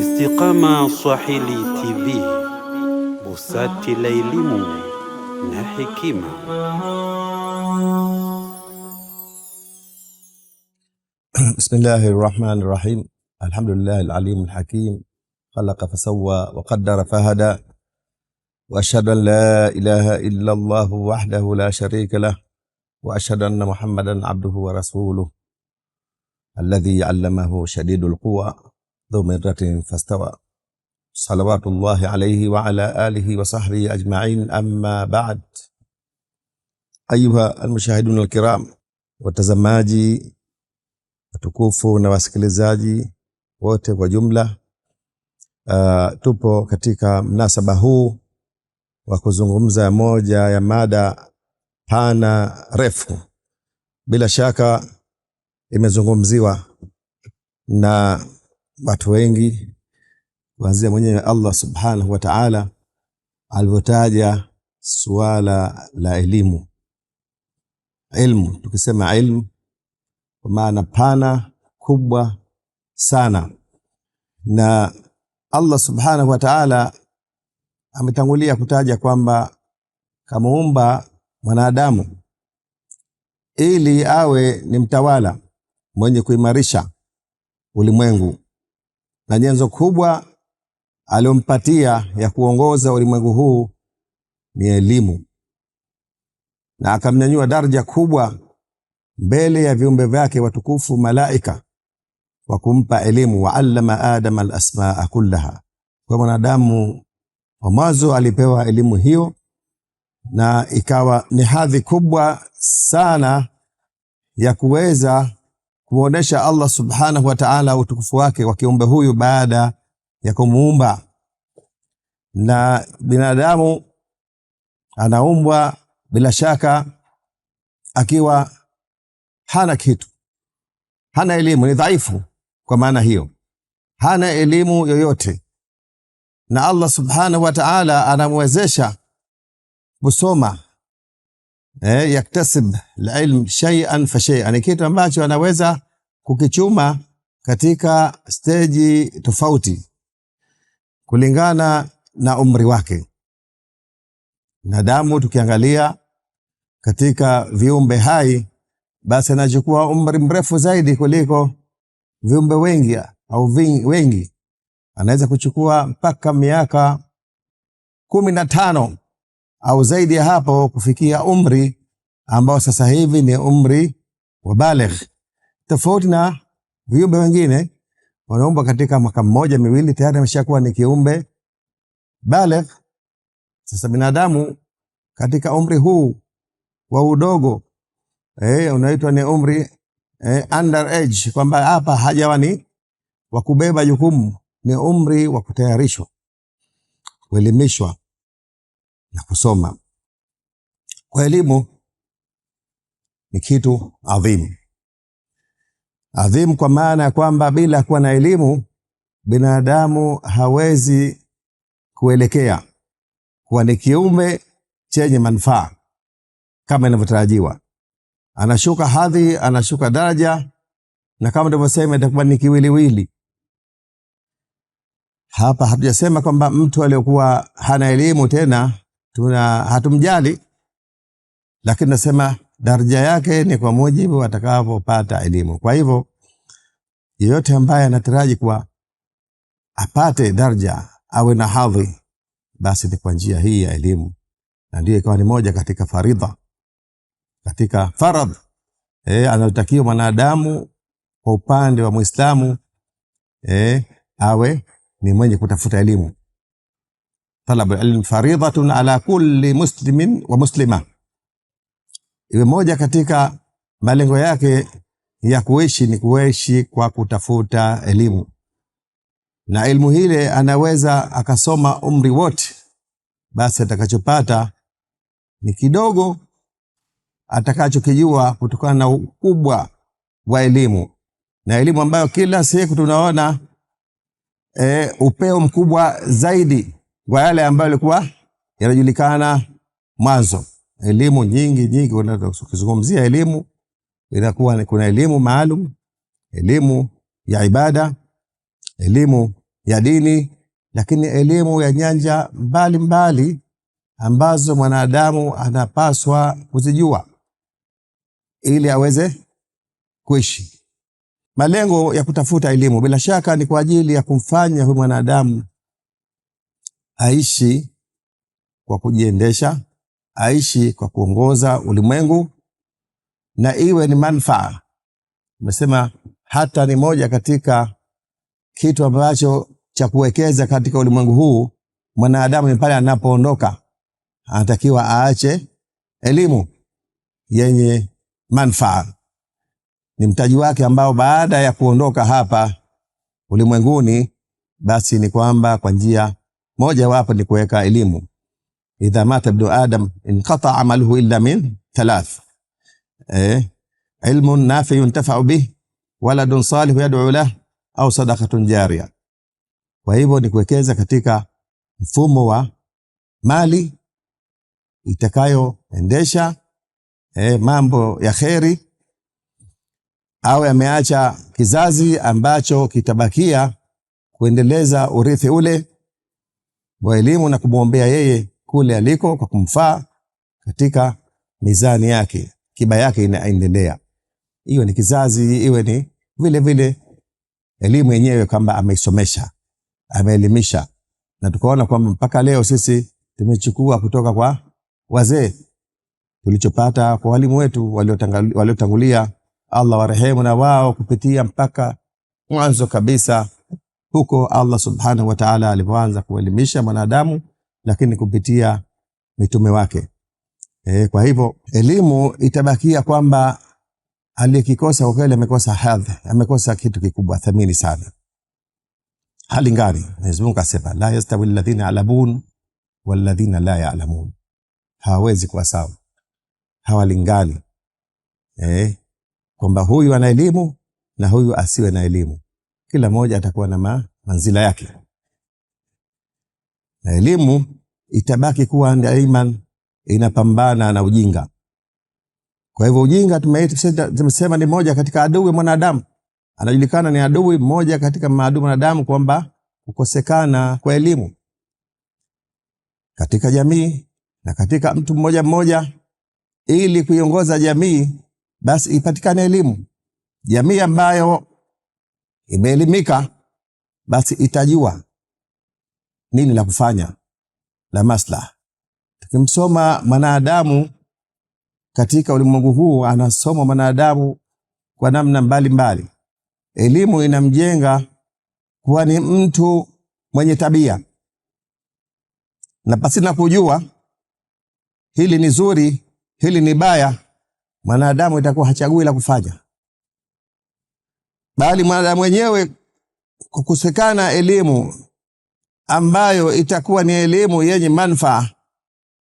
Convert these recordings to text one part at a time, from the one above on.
Istiqama Swahili TV, busati la elimu na hekima. Bismillahi rahmani rahim. Alhamdulillahi alalimu alhakim, khalaqa fasawwa wa qaddara fahada, wa ashhadu an la ilaha illa Allahu wahdahu la sharika lah, wa ashhadu anna Muhammadan abduhu wa rasuluh الذي علمه شديد القوى ذو مرة فاستوى صلوات الله عليه وعلى آله وصحبه أجمعين أما بعد أيها المشاهدون الكرام وتزماجي وتكوفو نواسكليزاجي wote kwa jumla uh, tupo katika mnasaba huu wa kuzungumza moja ya mada pana imezungumziwa na watu wengi kuanzia mwenyewe Allah subhanahu wa ta'ala alivyotaja suala la elimu. Ilmu, tukisema ilmu kwa maana pana kubwa sana, na Allah subhanahu wa ta'ala ametangulia kutaja kwamba kamuumba mwanadamu ili awe ni mtawala mwenye kuimarisha ulimwengu na nyenzo kubwa aliyompatia ya kuongoza ulimwengu huu ni elimu, na akamnyanyua daraja kubwa mbele ya viumbe vyake watukufu malaika kwa kumpa elimu. allama Adama alasmaa kullaha, kwa mwanadamu wa mwanzo alipewa elimu hiyo, na ikawa ni hadhi kubwa sana ya kuweza kuonesha Allah subhanahu wa ta'ala utukufu wake wa kiumbe huyu baada ya kumuumba. Na binadamu anaumbwa bila shaka akiwa hana kitu, hana elimu, ni dhaifu. Kwa maana hiyo hana elimu yoyote, na Allah subhanahu wa ta'ala anamwezesha kusoma eh, yaktasib alilm shay'an fa shay'an, ni kitu ambacho anaweza kukichuma katika steji tofauti kulingana na umri wake. Binadamu tukiangalia katika viumbe hai, basi anachukua umri mrefu zaidi kuliko viumbe wengi au vingi, wengi anaweza kuchukua mpaka miaka kumi na tano au zaidi ya hapo kufikia umri ambao sasa hivi ni umri wa baligh, tofauti na viumbe wengine wanaumbwa katika mwaka mmoja miwili, tayari ameshakuwa ni kiumbe baligh. Sasa binadamu katika umri huu wa udogo eh, unaitwa ni umri eh, under age, kwamba hapa hajawa ni wa kubeba jukumu, ni umri wa kutayarishwa, kuelimishwa na kusoma. Kwa elimu ni kitu adhimu, adhimu kwa maana ya kwamba bila kuwa na elimu binadamu hawezi kuelekea kuwa ni kiumbe chenye manufaa kama inavyotarajiwa. Anashuka hadhi, anashuka daraja, na kama ndivyosema itakuwa ni kiwiliwili. Hapa hatujasema kwamba mtu aliyokuwa hana elimu tena tuna hatumjali, lakini nasema daraja yake ni kwa mujibu atakavyopata elimu. Kwa hivyo yeyote ambaye anataraji kuwa apate daraja awe na hadhi, basi ni kwa njia hii ya elimu, na ndio ikawa ni moja katika faridha, katika faradh e, anayotakiwa mwanadamu kwa upande wa Mwislamu e, eh, awe ni mwenye kutafuta elimu talabu ilm faridhatun ala kulli muslimin wa muslima, iwe moja katika malengo yake ya kuishi ni kuishi kwa kutafuta elimu, na elimu hile anaweza akasoma umri wote, basi atakachopata ni kidogo atakachokijua kutokana na ukubwa wa elimu, na elimu ambayo kila siku tunaona e, upeo mkubwa zaidi kwa yale ambayo yalikuwa yanajulikana mwanzo. Elimu nyingi nyingi, ukizungumzia elimu inakuwa kuna elimu maalum, elimu ya ibada, elimu ya dini, lakini elimu ya nyanja mbalimbali mbali, ambazo mwanadamu anapaswa kuzijua ili aweze kuishi. Malengo ya kutafuta elimu bila shaka ni kwa ajili ya kumfanya huyu mwanadamu aishi kwa kujiendesha, aishi kwa kuongoza ulimwengu na iwe ni manufaa. Umesema hata ni moja katika kitu ambacho cha kuwekeza katika ulimwengu huu. Mwanadamu ni pale anapoondoka, anatakiwa aache elimu yenye manufaa, ni mtaji wake ambao baada ya kuondoka hapa ulimwenguni, basi ni kwamba kwa njia moja wapo ni kuweka elimu. Idha mata ibnu adam inqata amaluhu illa min thalath, eh, ilmun nafi yuntafau bih, waladun salihu yad'u lah, au sadaqatun jaria. Kwa hivyo ni kuwekeza katika mfumo wa mali itakayoendesha eh, mambo ya kheri au yameacha kizazi ambacho kitabakia kuendeleza urithi ule wa elimu na kumwombea yeye kule aliko kwa kumfaa katika mizani yake, kiba yake inaendelea, iwe ni kizazi, iwe ni vile vile elimu yenyewe, kwamba ameisomesha, ameelimisha. Na tukaona kwamba mpaka leo sisi tumechukua kutoka kwa wazee tulichopata kwa walimu wetu waliotangulia, Allah warehemu na wao kupitia mpaka mwanzo kabisa huko Allah subhanahu wa ta'ala alipoanza kuelimisha mwanadamu, lakini kupitia mitume wake. E, kwa hivyo elimu itabakia kwamba aliyekikosa kwa kweli amekosa hadhi, amekosa kitu kikubwa thamini sana. Hali ngani Mwenyezi Mungu asema la yastawi alladhina ya'lamun walladhina la ya'lamun, hawawezi kuwa sawa, hawalingani. Eh, kwamba huyu ana elimu na huyu asiwe na elimu kila mmoja atakuwa na manzila yake, na elimu itabaki kuwa daima inapambana na ujinga. Kwa hivyo ujinga tumesema ni moja katika adui mwanadamu, anajulikana ni adui mmoja katika maadui mwanadamu, kwamba kukosekana kwa elimu katika jamii na katika mtu mmoja mmoja. Ili kuiongoza jamii, basi ipatikane elimu. Jamii ambayo imeelimika, basi itajua nini la kufanya la maslah Tukimsoma mwanadamu katika ulimwengu huu, anasoma mwanadamu kwa namna mbalimbali mbali. Elimu inamjenga kuwa ni mtu mwenye tabia, na pasina kujua hili ni zuri, hili ni baya, mwanadamu itakuwa hachagui la kufanya bali mwanadamu mwenyewe kukosekana elimu ambayo itakuwa ni elimu yenye manufaa,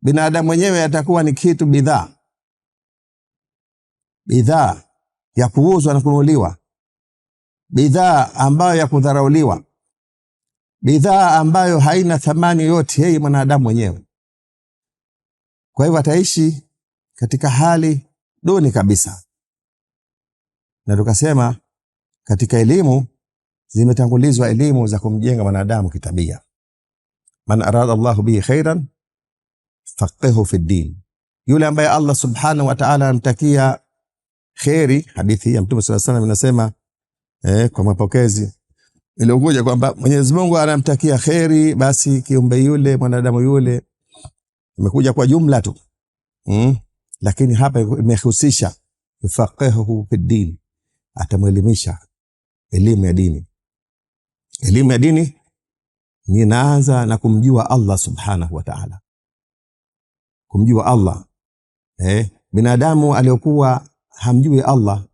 binadamu mwenyewe atakuwa ni kitu bidhaa, bidhaa ya kuuzwa na kununuliwa, bidhaa ambayo ya kudharauliwa, bidhaa ambayo haina thamani yoyote, yeye mwanadamu mwenyewe. Kwa hivyo ataishi katika hali duni kabisa, na tukasema katika elimu zimetangulizwa elimu za kumjenga mwanadamu kitabia. Man arada Allahu bihi khairan faqihu fi din, yule ambaye Allah subhanahu wa ta'ala anamtakia kheri. Hadithi ya Mtume sallallahu alaihi wasallam inasema eh, kwa mapokezi iliokuja kwamba Mwenyezi Mungu anamtakia kheri, basi kiumbe yule mwanadamu yule imekuja kwa jumla tu mm. Lakini hapa imehusisha faqihu fi din, atamwelimisha elimu ya dini. Elimu ya dini ninaanza na kumjua Allah subhanahu wa ta'ala, kumjua Allah eh, binadamu aliyokuwa hamjui Allah,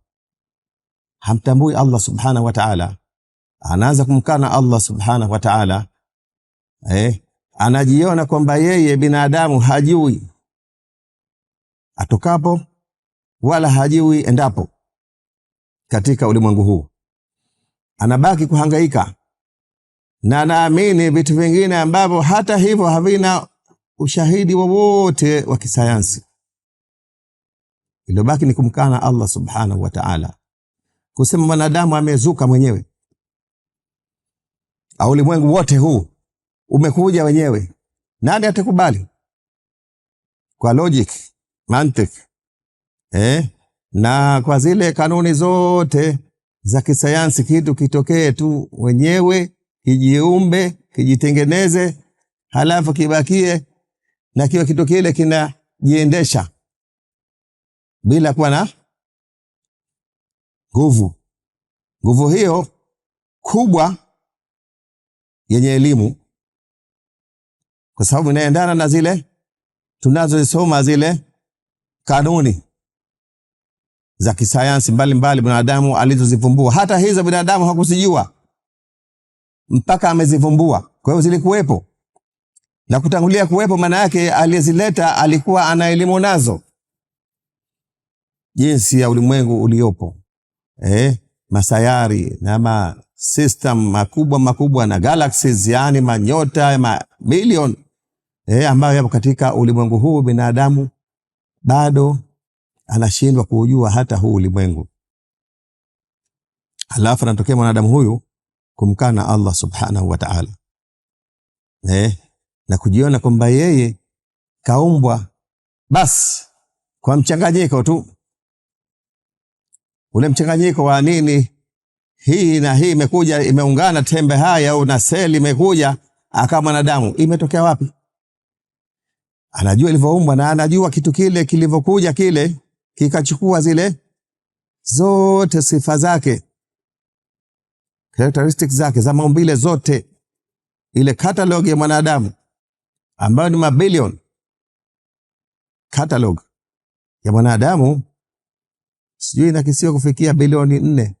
hamtambui Allah subhanahu wa ta'ala, anaanza kumkana Allah subhanahu wa ta'ala eh, anajiona kwamba yeye binadamu hajui atokapo wala hajui endapo katika ulimwengu huu anabaki kuhangaika na naamini vitu vingine ambavyo hata hivyo havina ushahidi wowote wa, kisayansi. Iliyobaki ni kumkana Allah subhanahu wa ta'ala, kusema mwanadamu amezuka mwenyewe au ulimwengu wote huu umekuja wenyewe. Nani atakubali kwa logic mantik eh, na kwa zile kanuni zote za kisayansi, kitu kitokee tu wenyewe, kijiumbe, kijitengeneze, halafu kibakie na kiwa kitu kile kinajiendesha bila kuwa na nguvu. Nguvu hiyo kubwa yenye elimu, kwa sababu inaendana na zile tunazozisoma zile kanuni za kisayansi mbalimbali binadamu alizozivumbua, hata hizo binadamu hakuzijua mpaka amezivumbua. Kwa hiyo zilikuwepo na kutangulia kuwepo, maana yake aliyezileta alikuwa ana elimu nazo, jinsi ya ulimwengu uliopo eh, masayari na ma system makubwa makubwa na galaxies, yani manyota ma mabilioni eh, ambayo yapo katika ulimwengu huu, binadamu bado anashindwa kuujua hata huu ulimwengu, alafu anatokea mwanadamu huyu kumkana Allah subhanahu wa ta'ala, eh, na kujiona kwamba yeye kaumbwa basi kwa mchanganyiko tu ule mchanganyiko wa nini, hii na hii imekuja imeungana, tembe haya au na seli imekuja akawa mwanadamu. Imetokea wapi? Anajua ilivyoumbwa na anajua kitu kile kilivyokuja kile kikachukua zile zote sifa zake characteristics zake za maumbile zote, ile catalog ya mwanadamu ambayo ni mabilion catalog ya mwanadamu sijui inakisiwa kufikia bilioni nne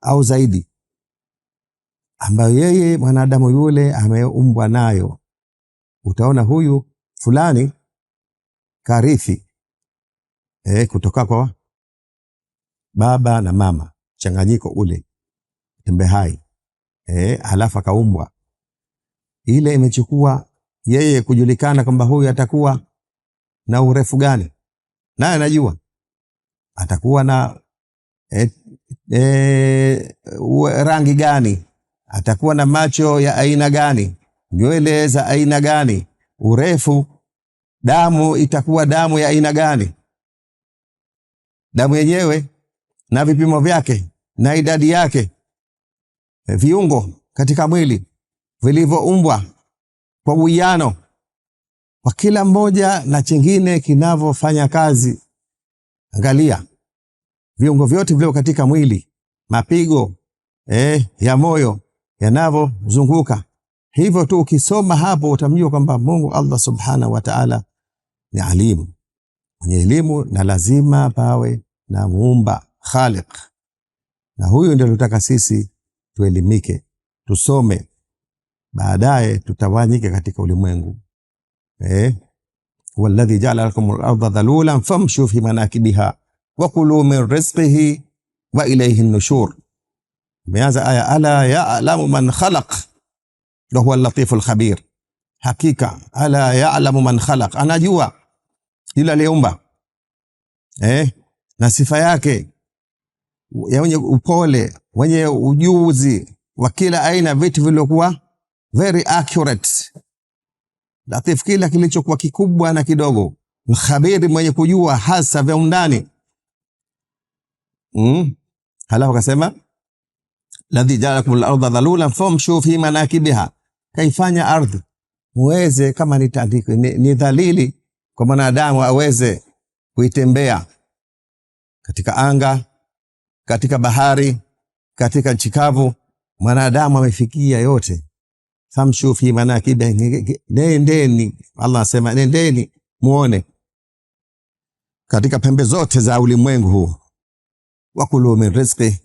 au zaidi, ambayo yeye mwanadamu yule ameumbwa nayo. Utaona huyu fulani karithi eh, kutoka kwa baba na mama, changanyiko ule tembe hai eh, halafu akaumbwa. Ile imechukua yeye kujulikana kwamba huyu atakuwa na urefu gani, naye anajua atakuwa na eh, eh, rangi gani, atakuwa na macho ya aina gani, nywele za aina gani, urefu, damu itakuwa damu ya aina gani damu yenyewe na vipimo vyake na idadi yake, eh, viungo katika mwili vilivyoumbwa kwa uwiano kwa kila mmoja na chingine kinavyofanya kazi. Angalia viungo vyote vilivyo katika mwili, mapigo eh, ya moyo yanavyozunguka hivyo tu. Ukisoma hapo utamjua kwamba Mungu Allah subhanahu wataala ni alimu, mwenye elimu, na lazima pawe na muumba Khaliq, na huyu ndio tutaka sisi tuelimike, tusome, baadaye tutawanyike katika ulimwengu eh? huwa jaala lakum larda dhalulan famshu fi manakibiha wakulu min rizqihi wa ilaihi nushur. meanza aya ala ya'lamu man khalaq wa huwa latifu lkhabir. Hakika ala ya'lamu man khalaq, anajua yule aliyeumba eh? na sifa yake ya wenye upole, wenye ujuzi wa kila aina, vitu vilivyokuwa very accurate, latif, kila kilichokuwa kikubwa na kidogo, mkhabiri, mwenye kujua hasa vya undani mm. Halafu akasema ladhi jaalakum larda dhalula famshu fi manakibiha, kaifanya ardhi muweze kama ni, ni, ni dhalili kwa mwanadamu aweze kuitembea katika anga, katika bahari, katika nchi kavu. Mwanadamu amefikia yote. famshu fi manakibi, nendeni. Allah anasema nendeni muone katika pembe zote za ulimwengu huu. wakulu min rizqi,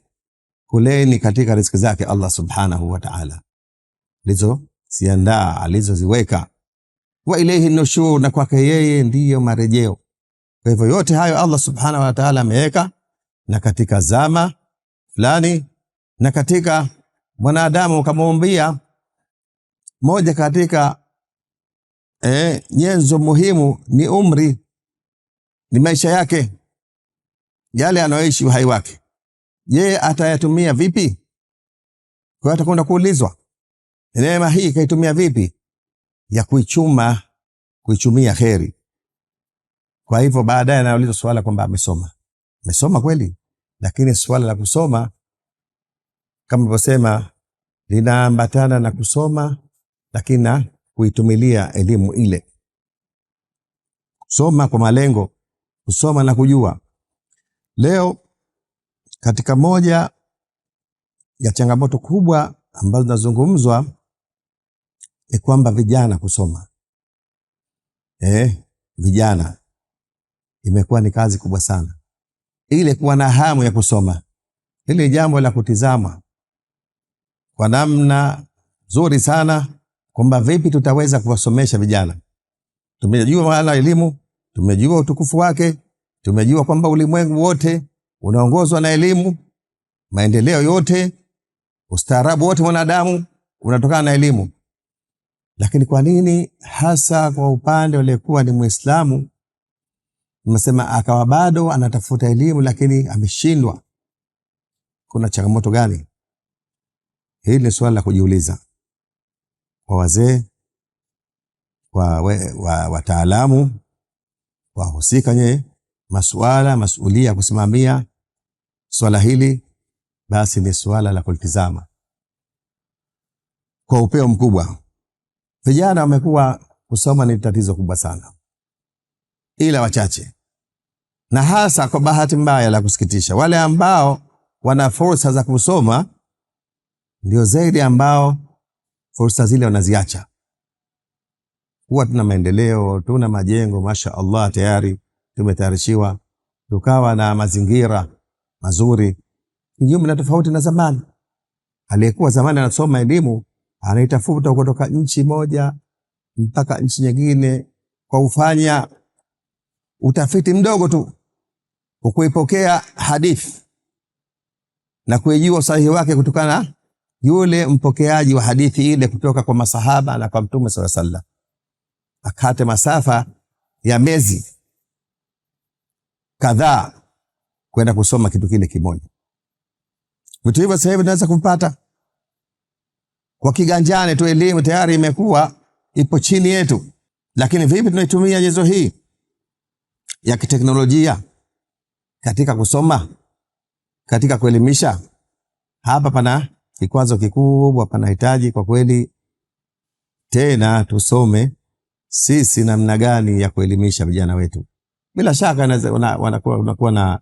kuleni katika riziki zake Allah subhanahu wa ta'ala alizoziandaa alizoziweka. wa ilaihi nushur, na kwake yeye ndiyo marejeo. Kwa hivyo yote hayo Allah subhanahu wa ta'ala ameweka, na katika zama fulani na katika mwanadamu ukamwambia moja katika eh, nyenzo muhimu ni umri, ni maisha yake yale anayoishi uhai wake. Je, atayatumia vipi? Kwa atakwenda kuulizwa neema hii kaitumia vipi, ya kuichuma kuichumia kheri. Kwa hivyo baadaye anaulizwa swala kwamba amesoma. Amesoma kweli, lakini swala la kusoma kama livyosema linaambatana na kusoma, lakini na kuitumilia elimu ile. Kusoma kwa malengo, kusoma na kujua. Leo katika moja ya changamoto kubwa ambazo zinazungumzwa ni kwamba vijana kusoma, eh, vijana imekuwa ni kazi kubwa sana. Ile kuwa na hamu ya kusoma, ile jambo la kutizama kwa namna nzuri sana kwamba vipi tutaweza kuwasomesha vijana. Tumejua maana elimu, tumejua utukufu wake, tumejua kwamba ulimwengu wote unaongozwa na elimu, maendeleo yote, ustaarabu wote mwanadamu unatokana na elimu. Lakini kwa nini hasa kwa upande uliokuwa ni Muislamu Nasema akawa bado anatafuta elimu lakini ameshindwa. Kuna changamoto gani? Hili ni swala la kujiuliza kwa wazee, kwa wataalamu, wa wahusika nyee masuala masuulia ya kusimamia swala hili, basi ni swala la kulitizama kwa upeo mkubwa. Vijana wamekuwa kusoma ni tatizo kubwa sana, ila wachache na hasa kwa bahati mbaya, la kusikitisha, wale ambao wana fursa za kusoma ndio zaidi ambao fursa zile wanaziacha. Huwa tuna maendeleo, tuna majengo, masha Allah, tayari tumetayarishiwa, tukawa na mazingira mazuri, kinyume na tofauti na zamani. Aliyekuwa zamani anasoma elimu anaitafuta kutoka nchi moja mpaka nchi nyingine kwa ufanya utafiti mdogo tu kwa kuipokea hadithi na kuijua usahihi wake kutokana na yule mpokeaji wa hadithi ile kutoka kwa masahaba na kwa Mtume sala sallam, akate masafa ya mezi kadhaa kwenda kusoma kitu kile kimoja. Vitu hivyo sasa hivi tunaweza kupata kwa kiganjani tu. Elimu tayari imekuwa ipo chini yetu, lakini vipi tunaitumia nyenzo hii ya kiteknolojia katika kusoma, katika kuelimisha. Hapa pana kikwazo kikubwa, panahitaji kwa kweli tena tusome sisi namna gani ya kuelimisha vijana wetu. Bila shaka wanakuwa una na,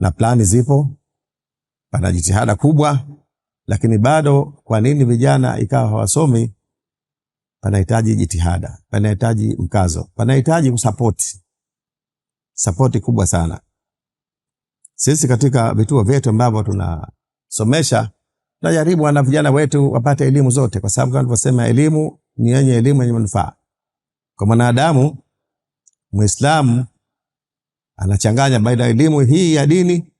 na plani zipo, pana jitihada kubwa, lakini bado kwa nini vijana ikawa hawasomi? Panahitaji jitihada, panahitaji mkazo, panahitaji kusapoti sapoti kubwa sana. Sisi katika vituo vyetu ambavyo tunasomesha tunajaribu wana vijana wetu wapate elimu zote, kwa sababu kama tulivyosema, elimu ni yenye elimu yenye manufaa kwa mwanadamu. Muislamu anachanganya baina ya elimu hii ya dini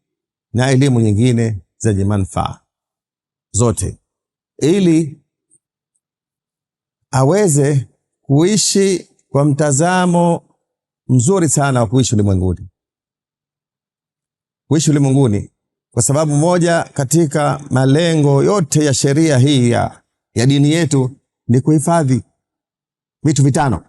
na elimu nyingine zenye manufaa zote, ili aweze kuishi kwa mtazamo mzuri sana wa kuishi ulimwenguni kuishi ulimwenguni, kwa sababu moja katika malengo yote ya sheria hii ya, ya dini yetu ni kuhifadhi vitu vitano,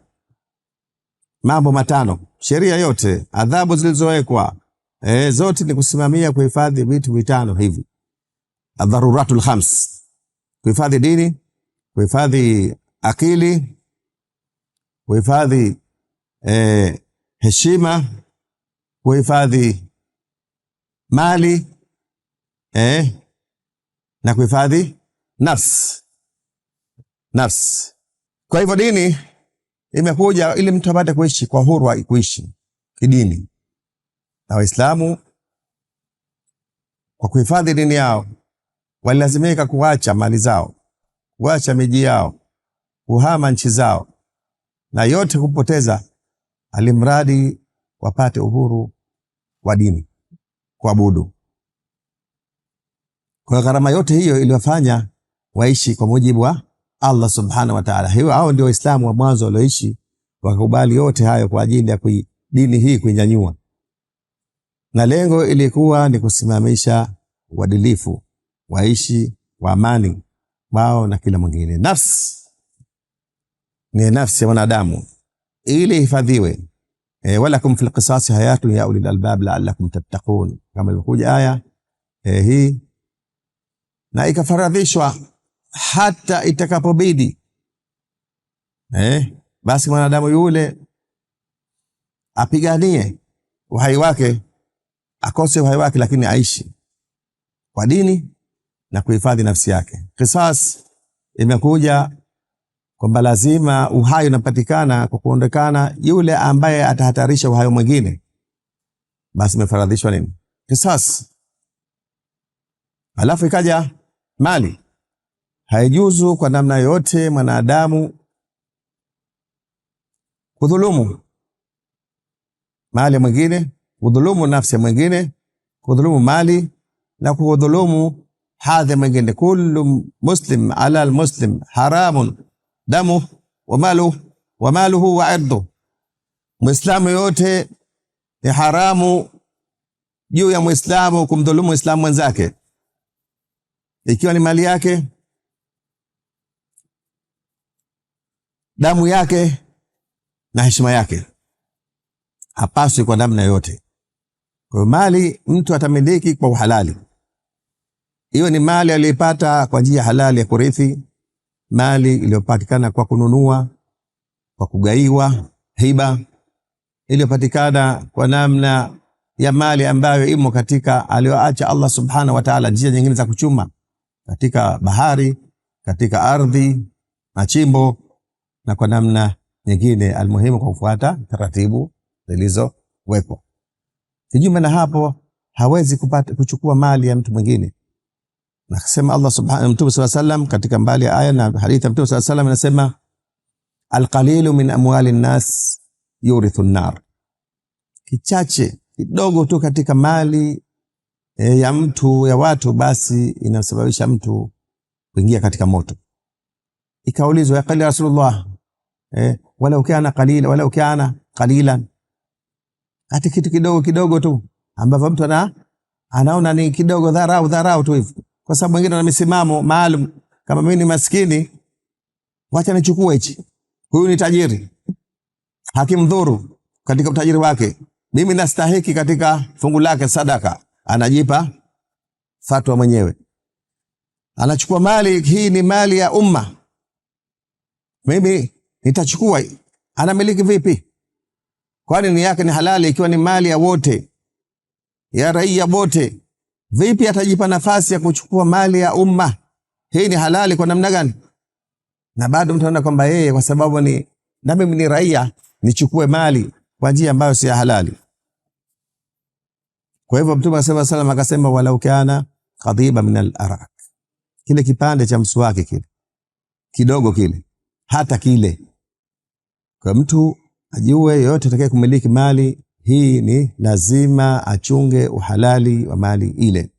mambo matano. Sheria yote, adhabu zilizowekwa e, zote ni kusimamia kuhifadhi vitu vitano hivi, adharuratul khams: kuhifadhi dini, kuhifadhi akili, kuhifadhi e, heshima, kuhifadhi mali eh, na kuhifadhi nafsi nafsi. Kwa hivyo dini imekuja ili mtu apate kuishi kwa huru, kuishi kidini, na Waislamu kwa kuhifadhi dini yao walilazimika kuacha mali zao, kuacha miji yao, kuhama nchi zao, na yote kupoteza, alimradi wapate uhuru wa dini kuabudu. Kwa gharama yote hiyo iliwafanya waishi kwa mujibu wa Allah subhanahu wa ta'ala. Hiyo hao ndio Waislamu wa mwanzo walioishi wakakubali yote hayo kwa ajili ya kui, dini hii kuinyanyua, na lengo ilikuwa ni kusimamisha uadilifu, waishi kwa amani wao na kila mwingine. Nafsi ni nafsi ya mwanadamu ili ihifadhiwe e, walakum fil qisasi hayatun ya ulil albab laallakum tattaqun, kama ilivyokuja aya e, hii na ikafaradhishwa hata itakapobidi eh, basi mwanadamu yule apiganie uhai wake, akose uhai wake, lakini aishi kwa dini na kuhifadhi nafsi yake. Kisas imekuja kwamba lazima uhai unapatikana kwa kuondekana yule ambaye atahatarisha uhai mwingine, basi imefaradhishwa nini? Kisasi. Alafu ikaja mali. Haijuzu kwa namna yote mwanadamu kudhulumu mali mwingine, kudhulumu nafsi mwingine, kudhulumu mali na kudhulumu hadhi mwingine. Kullu muslim ala almuslim haramun damu wa malu wa maluhu wa ardhu, muislamu yote ni haramu juu ya muislamu kumdhulumu muislamu mwenzake, ikiwa ni mali yake, damu yake na heshima yake, hapaswi kwa namna yote. Kwa hiyo mali mtu atamiliki kwa uhalali, iwe ni mali aliyoipata kwa njia halali ya kurithi mali iliyopatikana kwa kununua, kwa kugaiwa, hiba iliyopatikana kwa namna ya mali ambayo imo katika aliyoacha Allah subhanahu wa ta'ala, njia nyingine za kuchuma katika bahari, katika ardhi, machimbo na kwa namna nyingine, almuhimu kwa kufuata taratibu zilizowekwa. Kinyume na hapo, hawezi kupata, kuchukua mali ya mtu mwingine Nasema Allah subhanahu mtume sallallahu alayhi katika mbali ya aya na hadithi mtume sallallahu sallam wasallam anasema alqalilu min amwali nnas yurithu nnar, kichache kidogo tu katika mali e, ya mtu ya watu basi inasababisha mtu kuingia katika moto. Ikaulizwa ya qali Rasulullah eh, walau kana qalila walau kana qalilan, hata kitu kidogo kidogo tu ambavyo mtu ana anaona ni kidogo, dharau dharau tu hivyo kwa sababu wengine wana misimamo maalum. Kama mimi ni maskini, wacha nichukue hichi, huyu ni tajiri, hakimdhuru katika utajiri wake. Mimi nastahiki katika fungu lake sadaka, anajipa fatwa mwenyewe, anachukua mali hii, ni mali ya umma, mimi nitachukua. Anamiliki vipi? Kwani ni yake ni halali ikiwa ni mali ya wote, ya raia wote Vipi atajipa nafasi ya kuchukua mali ya umma? Hii ni halali kwa namna gani? Na bado mtaona kwamba yeye kwa sababu ni na mimi ni raia, nichukue mali kwa njia ambayo si halali. Kwa hivyo Mtume sallallahu alaihi wasallam akasema, walau kana qadiba min al-arak, kile kipande cha mswaki kile kidogo kile, hata kile, kwa mtu ajue, yote atakaye kumiliki mali hii ni lazima achunge uhalali wa mali ile,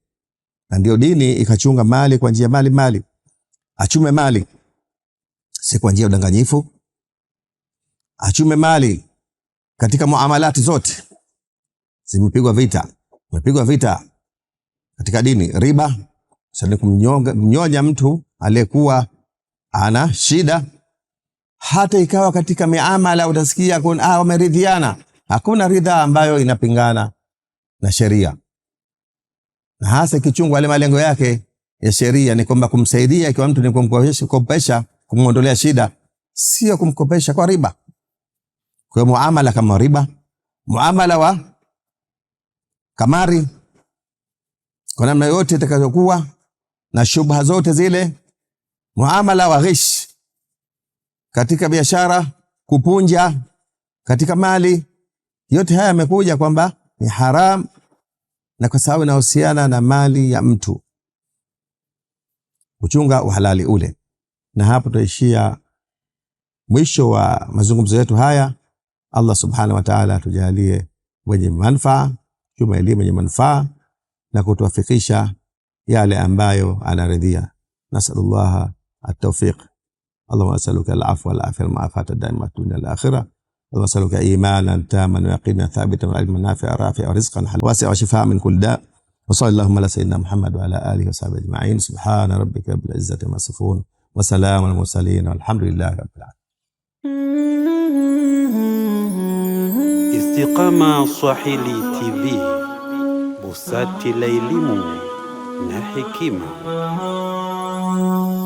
na ndio dini ikachunga mali kwa njia mali mali, achume mali si kwa njia ya udanganyifu, achume mali katika muamalati zote, zimepigwa vita. zimepigwa vita katika dini riba, mnyonya mtu aliyekuwa ana shida, hata ikawa katika miamala utasikia ah, wameridhiana Hakuna ridhaa ambayo inapingana na sheria, na hasa kichungu, yale malengo yake ya sheria ni kwamba kumsaidia. Ikiwa mtu ni kumkopesha, kumwondolea shida, sio kumkopesha kwa riba. Kwa hiyo muamala kama riba, muamala wa kamari, kwa namna yote itakayokuwa na shubha zote zile, muamala wa ghish katika biashara, kupunja katika mali yote haya yamekuja kwamba ni haram na kwa sababu inahusiana na mali ya mtu, kuchunga uhalali ule. Na hapo tutaishia mwisho wa mazungumzo yetu haya. Allah subhanahu wa ta'ala atujalie wenye manufaa, chuma elimu yenye manufaa na kutuafikisha yale ambayo anaridhia. Nasalullaha at-tawfiq. Allahumma as'aluka al-afwa wal afiyata daima dunya al-akhirah اللهم نسألك إيمانا تاما ويقينا ثابتا وعلما نافعا رافعا ورزقا حلا واسعا وشفاء من كل داء وصلى اللهم على سيدنا محمد وعلى آله وصحبه أجمعين سبحان ربك رب العزة عما يصفون وسلام المرسلين والحمد لله رب العالمين Istiqamah Swahili TV, busati la elimu na hekima.